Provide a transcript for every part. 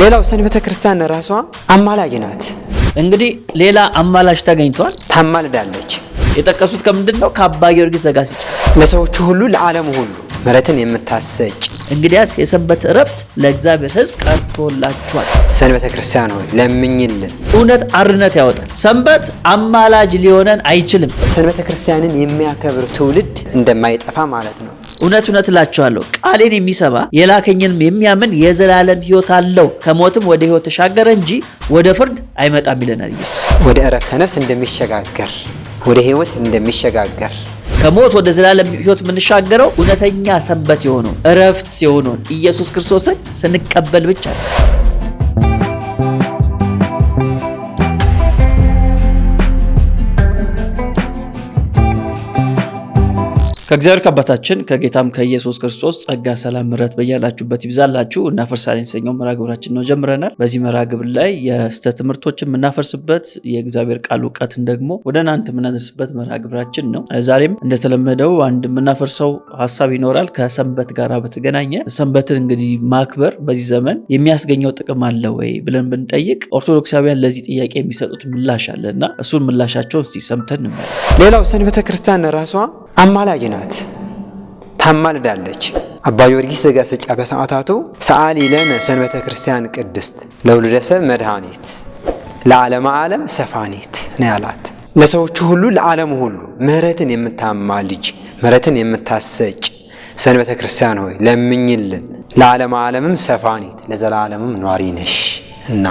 ሌላው ሰንበተ ክርስቲያን ራሷ አማላጅ ናት። እንግዲህ ሌላ አማላጅ ተገኝቷል፣ ታማልዳለች። የጠቀሱት ከምንድን ነው? ከአባ ጊዮርጊስ ዘጋስጫ ለሰዎቹ ሁሉ ለዓለሙ ሁሉ ምሕረትን የምታሰጭ እንግዲያስ የሰንበት እረፍት ለእግዚአብሔር ሕዝብ ቀርቶላችኋል። ሰንበተ ክርስቲያን ሆይ ለምኝልን። እውነት አርነት ያወጣል። ሰንበት አማላጅ ሊሆነን አይችልም። ሰንበተ ክርስቲያንን የሚያከብር ትውልድ እንደማይጠፋ ማለት ነው። እውነት እውነት እላችኋለሁ ቃሌን የሚሰማ የላከኝንም የሚያምን የዘላለም ህይወት አለው፣ ከሞትም ወደ ህይወት ተሻገረ እንጂ ወደ ፍርድ አይመጣም ይለናል ኢየሱስ። ወደ እረፍተ ነፍስ እንደሚሸጋገር ወደ ህይወት እንደሚሸጋገር ከሞት ወደ ዘላለም ህይወት የምንሻገረው እውነተኛ ሰንበት የሆነውን እረፍት የሆነውን ኢየሱስ ክርስቶስን ስንቀበል ብቻ ነው። ከእግዚአብሔር ከአባታችን ከጌታም ከኢየሱስ ክርስቶስ ጸጋ፣ ሰላም፣ ምሕረት በያላችሁበት ይብዛላችሁ። እናፈርሳለን የተሰኘው መርሃ ግብራችን ነው ጀምረናል። በዚህ መርሃ ግብር ላይ የስተ ትምህርቶችን የምናፈርስበት የእግዚአብሔር ቃል እውቀትን ደግሞ ወደ እናንተ የምናደርስበት መርሃ ግብራችን ነው። ዛሬም እንደተለመደው አንድ የምናፈርሰው ሀሳብ ይኖራል ከሰንበት ጋር በተገናኘ ሰንበትን እንግዲህ ማክበር በዚህ ዘመን የሚያስገኘው ጥቅም አለ ወይ ብለን ብንጠይቅ ኦርቶዶክሳውያን ለዚህ ጥያቄ የሚሰጡት ምላሽ አለ እና እሱን ምላሻቸውን እስቲ ሰምተን እንመለስ። ሌላው ሰንበተ ክርስቲያን ራሷ አማላጅ ናት፣ ታማልዳለች። አባ ጊዮርጊስ ዘጋስጫ በሰዓታቱ ሰአሊ ለነ ሰንበተ ክርስቲያን ቅድስት ለውልደሰብ መድኃኒት ለዓለም ዓለም ሰፋኒት ነው ያላት። ለሰዎቹ ሁሉ ለዓለሙ ሁሉ ምሕረትን የምታማልጅ ምሕረትን የምታሰጭ ሰንበተ ክርስቲያን ሆይ ለምኝልን፣ ለዓለም ዓለምም ሰፋኒት ለዘላለምም ኗሪ ነሽ እና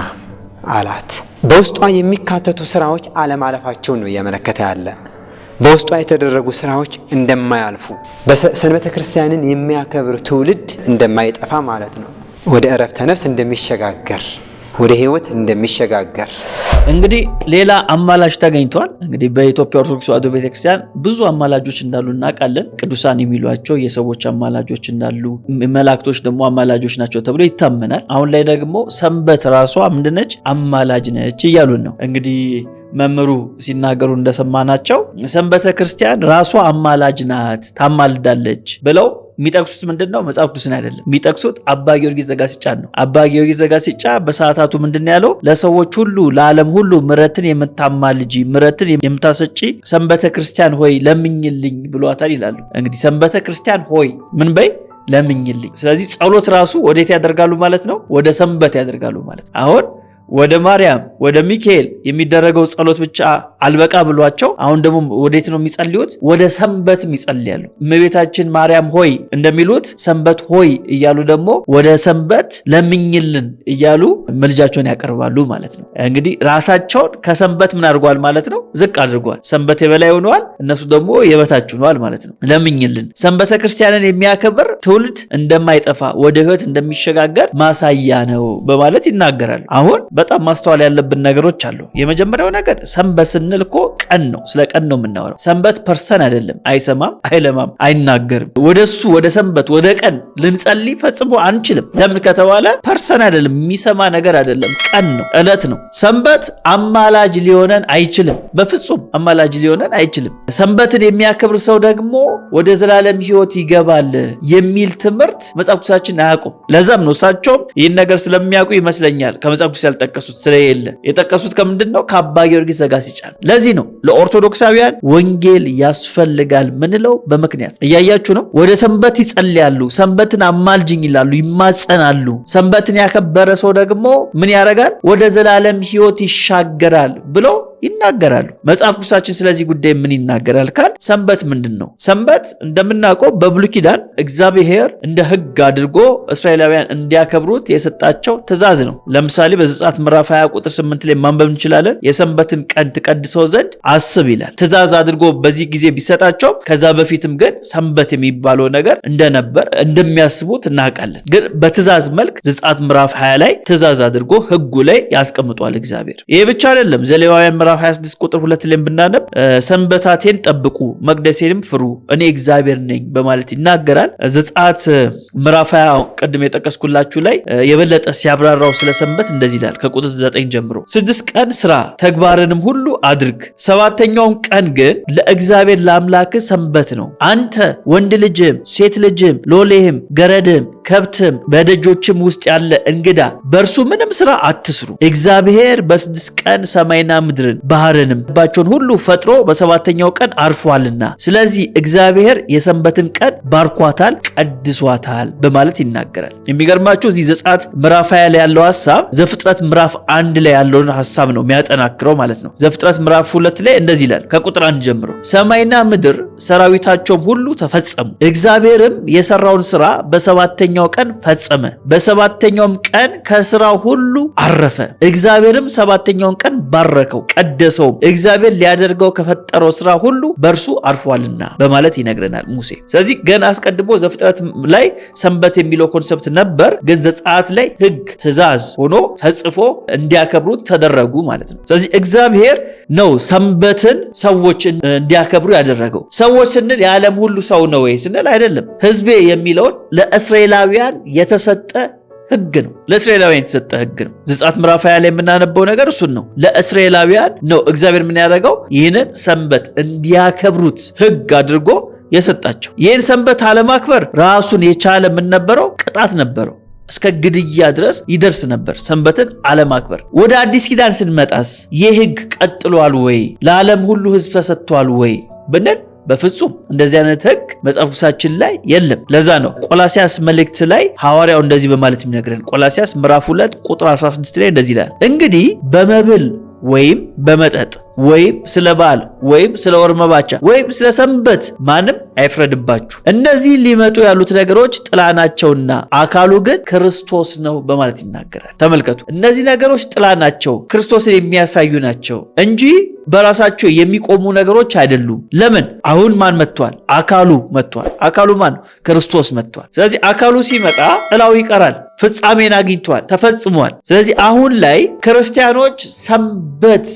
አላት። በውስጧ የሚካተቱ ስራዎች አለፋቸውን ነው እያመለከተ ያለ በውስጧ የተደረጉ ስራዎች እንደማያልፉ በሰንበተ ክርስቲያንን የሚያከብር ትውልድ እንደማይጠፋ ማለት ነው። ወደ እረፍተ ነፍስ እንደሚሸጋገር ወደ ህይወት እንደሚሸጋገር እንግዲህ ሌላ አማላጅ ተገኝቷል። እንግዲህ በኢትዮጵያ ኦርቶዶክስ ተዋሕዶ ቤተክርስቲያን ብዙ አማላጆች እንዳሉ እናውቃለን። ቅዱሳን የሚሏቸው የሰዎች አማላጆች እንዳሉ፣ መላእክቶች ደግሞ አማላጆች ናቸው ተብሎ ይታመናል። አሁን ላይ ደግሞ ሰንበት ራሷ ምንድነች? አማላጅ ነች እያሉን ነው እንግዲህ መምህሩ ሲናገሩ እንደሰማናቸው ሰንበተ ክርስቲያን ራሷ አማላጅ ናት፣ ታማልዳለች ብለው የሚጠቅሱት ምንድን ነው? መጽሐፍ ቅዱስን አይደለም። የሚጠቅሱት አባ ጊዮርጊስ ዘጋስጫን ነው። አባ ጊዮርጊስ ዘጋስጫ በሰዓታቱ ምንድን ያለው? ለሰዎች ሁሉ ለዓለም ሁሉ ምረትን የምታማልጂ ምረትን የምታሰጪ ሰንበተ ክርስቲያን ሆይ ለምኝልኝ ብሏታል ይላሉ። እንግዲህ ሰንበተ ክርስቲያን ሆይ ምን በይ ለምኝልኝ። ስለዚህ ጸሎት ራሱ ወዴት ያደርጋሉ ማለት ነው? ወደ ሰንበት ያደርጋሉ ማለት አሁን ወደ ማርያም ወደ ሚካኤል የሚደረገው ጸሎት ብቻ አልበቃ ብሏቸው አሁን ደግሞ ወዴት ነው የሚጸልዩት? ወደ ሰንበትም ይጸልያሉ። እመቤታችን ማርያም ሆይ እንደሚሉት ሰንበት ሆይ እያሉ ደግሞ ወደ ሰንበት ለምኝልን እያሉ መልጃቸውን ያቀርባሉ ማለት ነው። እንግዲህ ራሳቸውን ከሰንበት ምን አድርጓል ማለት ነው? ዝቅ አድርጓል። ሰንበት የበላይ ሆነዋል፣ እነሱ ደግሞ የበታች ሆነዋል ማለት ነው። ለምኝልን ሰንበተ ክርስቲያንን የሚያከብር ትውልድ እንደማይጠፋ ወደ ህይወት እንደሚሸጋገር ማሳያ ነው በማለት ይናገራሉ። አሁን በጣም ማስተዋል ያለብን ነገሮች አሉ። የመጀመሪያው ነገር ሰንበት ስንል እኮ ቀን ነው። ስለ ቀን ነው የምናወራው። ሰንበት ፐርሰን አይደለም። አይሰማም፣ አይለማም፣ አይናገርም። ወደሱ ወደ ሰንበት ወደ ቀን ልንጸልይ ፈጽሞ አንችልም። ለምን ከተባለ ፐርሰን አይደለም፣ የሚሰማ ነገር አይደለም። ቀን ነው፣ እለት ነው። ሰንበት አማላጅ ሊሆነን አይችልም፣ በፍጹም አማላጅ ሊሆነን አይችልም። ሰንበትን የሚያከብር ሰው ደግሞ ወደ ዘላለም ህይወት ይገባል የሚል ትምህርት መጽሐፍ ቅዱሳችን አያውቁም። ለዛም ነው እሳቸውም ይህን ነገር ስለሚያውቁ ይመስለኛል ከመጽሐፍ ቅዱስ ያልጠቀሱት ስለሌለ የጠቀሱት ከምንድን ነው? ከአባ ጊዮርጊስ ዘጋስጫ ለዚህ ነው ለኦርቶዶክሳውያን ወንጌል ያስፈልጋል ምንለው በምክንያት እያያችሁ ነው። ወደ ሰንበት ይጸልያሉ፣ ሰንበትን አማልጅኝ ይላሉ፣ ይማጸናሉ። ሰንበትን ያከበረ ሰው ደግሞ ምን ያደርጋል? ወደ ዘላለም ሕይወት ይሻገራል ብሎ ይናገራሉ። መጽሐፍ ቅዱሳችን ስለዚህ ጉዳይ ምን ይናገራል ካል ሰንበት ምንድን ነው? ሰንበት እንደምናውቀው በብሉይ ኪዳን እግዚአብሔር እንደ ሕግ አድርጎ እስራኤላውያን እንዲያከብሩት የሰጣቸው ትእዛዝ ነው። ለምሳሌ በዘጸአት ምዕራፍ 20 ቁጥር 8 ላይ ማንበብ እንችላለን። የሰንበትን ቀን ትቀድሰው ዘንድ አስብ ይላል። ትእዛዝ አድርጎ በዚህ ጊዜ ቢሰጣቸውም ከዛ በፊትም ግን ሰንበት የሚባለው ነገር እንደነበር እንደሚያስቡት እናውቃለን። ግን በትእዛዝ መልክ ዘጸአት ምዕራፍ 20 ላይ ትእዛዝ አድርጎ ሕጉ ላይ ያስቀምጧል እግዚአብሔር። ይሄ ብቻ አይደለም ዘሌዋውያን ምዕራፍ 26 ቁጥር ሁለት ላይ ብናነብ ሰንበታቴን ጠብቁ መቅደሴንም ፍሩ እኔ እግዚአብሔር ነኝ በማለት ይናገራል። ዘጸአት ምዕራፍ 20 ቅድም የጠቀስኩላችሁ ላይ የበለጠ ሲያብራራው ስለ ሰንበት እንደዚህ ይላል ከቁጥር 9 ጀምሮ ስድስት ቀን ስራ ተግባርንም ሁሉ አድርግ፣ ሰባተኛውም ቀን ግን ለእግዚአብሔር ለአምላክ ሰንበት ነው። አንተ ወንድ ልጅም ሴት ልጅም ሎሌህም ገረድም ከብትም በደጆችም ውስጥ ያለ እንግዳ በእርሱ ምንም ስራ አትስሩ። እግዚአብሔር በስድስት ቀን ሰማይና ምድርን ባህርንም ባቸውን ሁሉ ፈጥሮ በሰባተኛው ቀን አርፏልና፣ ስለዚህ እግዚአብሔር የሰንበትን ቀን ባርኳታል፣ ቀድሷታል በማለት ይናገራል። የሚገርማቸው እዚህ ዘጸአት ምዕራፍ 20 ላይ ያለው ሀሳብ ዘፍጥረት ምዕራፍ አንድ ላይ ያለውን ሀሳብ ነው የሚያጠናክረው ማለት ነው። ዘፍጥረት ምዕራፍ ሁለት ላይ እንደዚህ ይላል ከቁጥር አንድ ጀምሮ ሰማይና ምድር ሰራዊታቸውም ሁሉ ተፈጸሙ፣ እግዚአብሔርም የሰራውን ስራ በሰባተኛ በሰባተኛው ቀን ፈጸመ። በሰባተኛውም ቀን ከስራ ሁሉ አረፈ። እግዚአብሔርም ሰባተኛውን ቀን ባረከው፣ ቀደሰውም እግዚአብሔር ሊያደርገው ከፈጠረው ስራ ሁሉ በእርሱ አርፏልና በማለት ይነግረናል ሙሴ። ስለዚህ ገና አስቀድሞ ዘፍጥረት ላይ ሰንበት የሚለው ኮንሰፕት ነበር፣ ግን ዘጸአት ላይ ህግ ትእዛዝ ሆኖ ተጽፎ እንዲያከብሩት ተደረጉ ማለት ነው። ስለዚህ እግዚአብሔር ነው ሰንበትን ሰዎች እንዲያከብሩ ያደረገው። ሰዎች ስንል የዓለም ሁሉ ሰው ነው ወይ ስንል አይደለም። ህዝቤ የሚለውን ለእስራኤላ ለእስራኤላውያን የተሰጠ ህግ ነው። ለእስራኤላውያን የተሰጠ ህግ ነው። ዘጸአት ምዕራፍ ሃያ ላይ የምናነበው ነገር እሱን ነው። ለእስራኤላውያን ነው እግዚአብሔር ምን ያደረገው? ይህንን ሰንበት እንዲያከብሩት ህግ አድርጎ የሰጣቸው። ይህን ሰንበት አለማክበር ራሱን የቻለ የምንነበረው ቅጣት ነበረው። እስከ ግድያ ድረስ ይደርስ ነበር፣ ሰንበትን አለማክበር። ወደ አዲስ ኪዳን ስንመጣስ ይህ ህግ ቀጥሏል ወይ? ለዓለም ሁሉ ህዝብ ተሰጥቷል ወይ ብንል በፍጹም እንደዚህ አይነት ህግ መጽሐፍ ቅዱሳችን ላይ የለም። ለዛ ነው ቆላሲያስ መልእክት ላይ ሐዋርያው እንደዚህ በማለት የሚነግረን ቆላሲያስ ምዕራፍ 2 ቁጥር 16 ላይ እንደዚህ ይላል፣ እንግዲህ በመብል ወይም በመጠጥ ወይም ስለ በዓል ወይም ስለ ወር መባቻ ወይም ስለ ሰንበት ማንም አይፍረድባችሁ። እነዚህ ሊመጡ ያሉት ነገሮች ጥላ ናቸውና አካሉ ግን ክርስቶስ ነው በማለት ይናገራል። ተመልከቱ፣ እነዚህ ነገሮች ጥላ ናቸው፣ ክርስቶስን የሚያሳዩ ናቸው እንጂ በራሳቸው የሚቆሙ ነገሮች አይደሉም። ለምን? አሁን ማን መጥቷል? አካሉ መጥቷል። አካሉ ማን ክርስቶስ መጥቷል። ስለዚህ አካሉ ሲመጣ ጥላው ይቀራል። ፍጻሜን አግኝቷል፣ ተፈጽሟል። ስለዚህ አሁን ላይ ክርስቲያኖች ሰንበት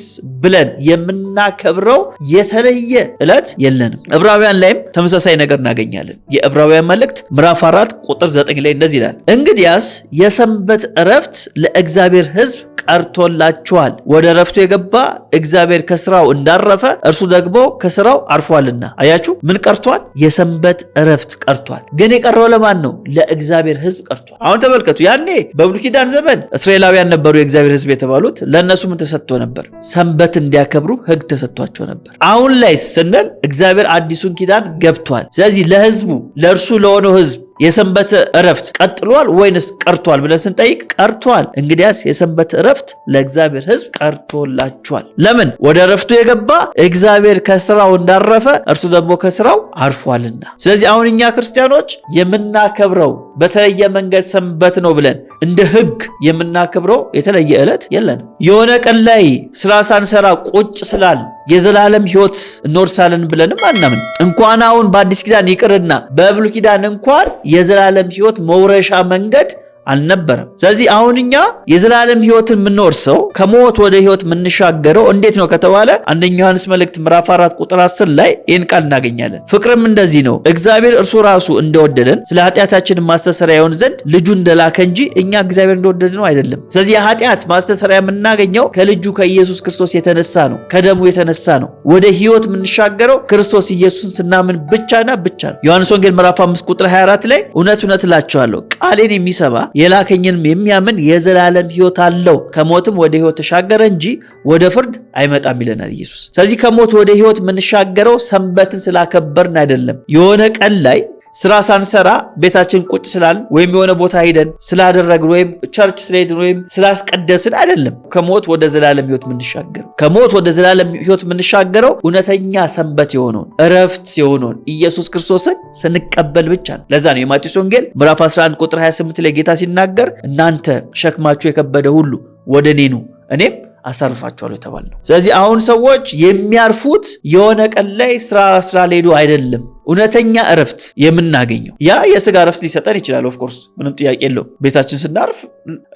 ብለን የምናከብረው የተለየ ዕለት የለንም። ዕብራውያን ላይም ተመሳሳይ ነገር እናገኛለን። የዕብራውያን መልእክት ምዕራፍ አራት ቁጥር ዘጠኝ ላይ እንደዚህ ይላል፣ እንግዲያስ የሰንበት እረፍት ለእግዚአብሔር ሕዝብ ቀርቶላችኋል። ወደ ረፍቱ የገባ እግዚአብሔር ከስራው እንዳረፈ እርሱ ደግሞ ከስራው አርፏልና። አያችሁ ምን ቀርቷል? የሰንበት እረፍት ቀርቷል። ግን የቀረው ለማን ነው? ለእግዚአብሔር ህዝብ ቀርቷል። አሁን ተመልከቱ። ያኔ በብሉይ ኪዳን ዘመን እስራኤላውያን ነበሩ የእግዚአብሔር ህዝብ የተባሉት። ለእነሱ ምን ተሰጥቶ ነበር? ሰንበት እንዲያከብሩ ህግ ተሰጥቷቸው ነበር። አሁን ላይ ስንል እግዚአብሔር አዲሱን ኪዳን ገብቷል። ስለዚህ ለህዝቡ ለእርሱ ለሆነው ህዝብ የሰንበት እረፍት ቀጥሏል ወይንስ ቀርቷል ብለን ስንጠይቅ ቀርቷል። እንግዲያስ የሰንበት እረፍት ለእግዚአብሔር ሕዝብ ቀርቶላችኋል። ለምን? ወደ እረፍቱ የገባ እግዚአብሔር ከስራው እንዳረፈ እርሱ ደግሞ ከስራው አርፏልና። ስለዚህ አሁን እኛ ክርስቲያኖች የምናከብረው በተለየ መንገድ ሰንበት ነው ብለን እንደ ህግ የምናከብረው የተለየ ዕለት የለን። የሆነ ቀን ላይ ስራ ሳንሰራ ቁጭ ስላል የዘላለም ህይወት እኖርሳለን ብለንም አናምን። እንኳን አሁን በአዲስ ኪዳን ይቅርና በብሉ ኪዳን እንኳን የዘላለም ህይወት መውረሻ መንገድ አልነበረም። ስለዚህ አሁን እኛ የዘላለም ህይወትን የምንወርሰው ከሞት ወደ ህይወት የምንሻገረው እንዴት ነው ከተባለ አንደኛ ዮሐንስ መልእክት ምዕራፍ 4 ቁጥር 10 ላይ ይህን ቃል እናገኛለን። ፍቅርም እንደዚህ ነው እግዚአብሔር እርሱ ራሱ እንደወደደን ስለ ኃጢአታችን ማስተሰሪያ ይሆን ዘንድ ልጁ እንደላከ እንጂ እኛ እግዚአብሔር እንደወደድ ነው አይደለም። ስለዚህ የኃጢአት ማስተሰሪያ የምናገኘው ከልጁ ከኢየሱስ ክርስቶስ የተነሳ ነው፣ ከደሙ የተነሳ ነው። ወደ ህይወት የምንሻገረው ክርስቶስ ኢየሱስን ስናምን ብቻና ብቻ ነው። ዮሐንስ ወንጌል ምዕራፍ 5 ቁጥር 24 ላይ እውነት እውነት እላቸዋለሁ ቃሌን የሚሰማ የላከኝንም የሚያምን የዘላለም ህይወት አለው ከሞትም ወደ ህይወት ተሻገረ እንጂ ወደ ፍርድ አይመጣም ይለናል ኢየሱስ። ስለዚህ ከሞት ወደ ህይወት የምንሻገረው ሰንበትን ስላከበርን አይደለም። የሆነ ቀን ላይ ስራ ሳንሰራ ቤታችን ቁጭ ስላል ወይም የሆነ ቦታ ሂደን ስላደረግን ወይም ቸርች ስለሄድን ወይም ስላስቀደስን አይደለም ከሞት ወደ ዘላለም ህይወት የምንሻገር። ከሞት ወደ ዘላለም ህይወት የምንሻገረው እውነተኛ ሰንበት የሆነውን እረፍት የሆነውን ኢየሱስ ክርስቶስን ስንቀበል ብቻ ነው። ለዛ ነው የማቴዎስ ወንጌል ምዕራፍ 11 ቁጥር 28 ላይ ጌታ ሲናገር እናንተ ሸክማችሁ የከበደ ሁሉ ወደ እኔ ኑ እኔም አሳርፋቸዋለሁ የተባል ነው። ስለዚህ አሁን ሰዎች የሚያርፉት የሆነ ቀን ላይ ስራ ስራ ሊሄዱ አይደለም እውነተኛ እረፍት የምናገኘው። ያ የስጋ እረፍት ሊሰጠን ይችላል። ኦፍኮርስ ምንም ጥያቄ የለው። ቤታችን ስናርፍ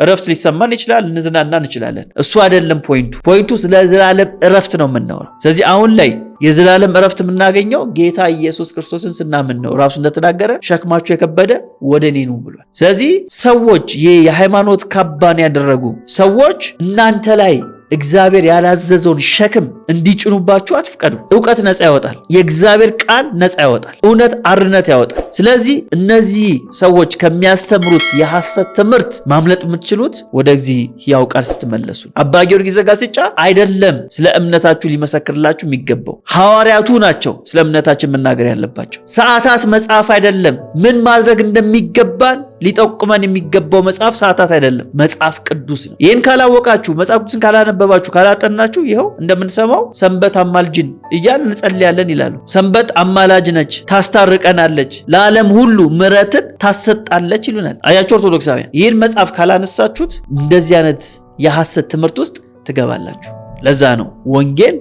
እረፍት ሊሰማን ይችላል፣ እንዝናና እንችላለን። እሱ አይደለም ፖይንቱ። ፖይንቱ ስለ ዘላለም እረፍት ነው የምናወራው። ስለዚህ አሁን ላይ የዘላለም እረፍት የምናገኘው ጌታ ኢየሱስ ክርስቶስን ስናምን ነው። ራሱ እንደተናገረ ሸክማችሁ የከበደ ወደ እኔ ኑ ብሏል። ስለዚህ ሰዎች የሃይማኖት ካባን ያደረጉ ሰዎች እናንተ ላይ እግዚአብሔር ያላዘዘውን ሸክም እንዲጭኑባችሁ አትፍቀዱ። እውቀት ነፃ ያወጣል። የእግዚአብሔር ቃል ነፃ ያወጣል። እውነት አርነት ያወጣል። ስለዚህ እነዚህ ሰዎች ከሚያስተምሩት የሐሰት ትምህርት ማምለጥ የምትችሉት ወደዚህ ሕያው ቃል ስትመለሱ። አባ ጊዮርጊስ ዘጋስጫ አይደለም ስለ እምነታችሁ ሊመሰክርላችሁ የሚገባው ሐዋርያቱ ናቸው ስለ እምነታችን መናገር ያለባቸው። ሰዓታት መጽሐፍ አይደለም ምን ማድረግ እንደሚገባን ሊጠቁመን የሚገባው መጽሐፍ ሰዓታት አይደለም፣ መጽሐፍ ቅዱስ ነው። ይህን ካላወቃችሁ፣ መጽሐፍ ቅዱስን ካላነበባችሁ፣ ካላጠናችሁ ይኸው እንደምንሰማው ሰንበት አማልጅን እያን እንጸልያለን ይላሉ። ሰንበት አማላጅ ነች፣ ታስታርቀናለች፣ ለዓለም ሁሉ ምረትን ታሰጣለች ይሉናል። አያችሁ ኦርቶዶክሳውያን፣ ይህን መጽሐፍ ካላነሳችሁት እንደዚህ አይነት የሐሰት ትምህርት ውስጥ ትገባላችሁ። ለዛ ነው ወንጌል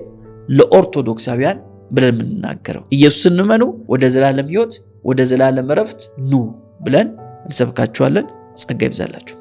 ለኦርቶዶክሳውያን ብለን የምንናገረው ኢየሱስን እንመኑ፣ ወደ ዘላለም ሕይወት ወደ ዘላለም እረፍት ኑ ብለን እንሰብካችኋለን። ጸጋ ይብዛላችሁ።